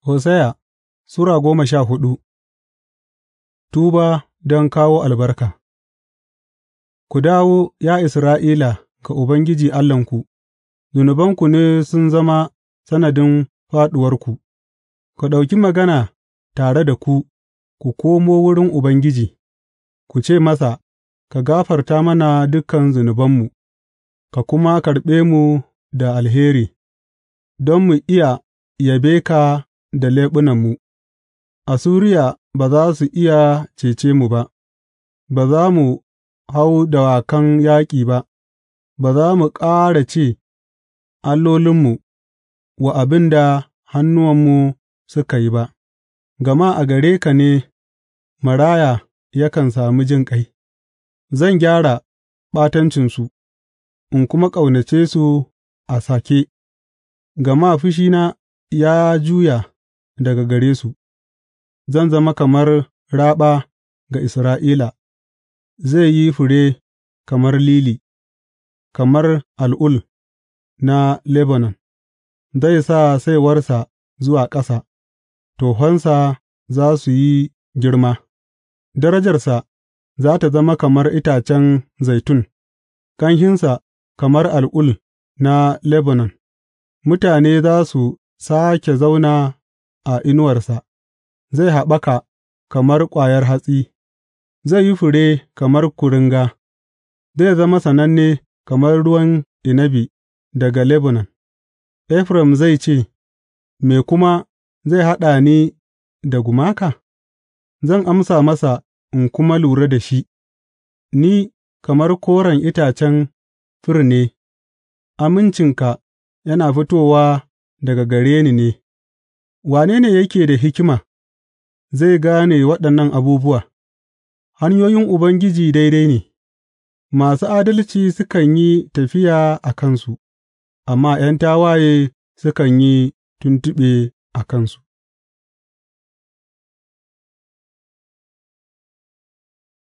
Hosiya Sura goma sha hudu Tuba don kawo albarka Ku dawo, ya Isra'ila, ga Ubangiji Allahnku, zunubanku ne sun zama sanadin fāɗuwarku; ku ɗauki magana tare da ku, ku komo wurin Ubangiji, ku ce masa, Ka gafarta mana dukan zunubanmu, ka kuma karɓe mu da alheri, don mu iya yabe ka da leɓunanmu, Assuriya ba za su iya cece mu ba, ba za mu hau dawakan yaƙi ba, ba za mu ƙara ce, Allolinmu, wa abin da hannuwanmu suka yi ba, gama a gare ka ne maraya yakan sami ƙai. zan gyara ɓatancinsu, in kuma ƙaunace su a sake, gama fushina ya juya daga gare su, zan zama kamar raɓa ga Isra'ila, zai yi fure kamar lili, kamar al'ul na Lebanon, zai sa saiwarsa zuwa ƙasa, tohonsa za su yi girma, darajarsa za ta zama kamar itacen zaitun, ƙanshinsa kamar al'ul na Lebanon, mutane za su sake zauna a inuwarsa, zai haɓaka kamar ƙwayar hatsi, zai yi fure kamar kuringa, zai zama sananne kamar ruwan inabi daga Lebanon; Efraim zai ce, Me kuma zai haɗa ni da gumaka? Zan amsa masa in kuma lura da shi; ni kamar koren itacen fir ne, amincinka yana fitowa daga gare ni ne. Wane ne yake da hikima, zai gane waɗannan abubuwa; hanyoyin Ubangiji daidai ne, masu adalci sukan yi tafiya a kansu, amma ’yan tawaye sukan yi tuntuɓe a kansu.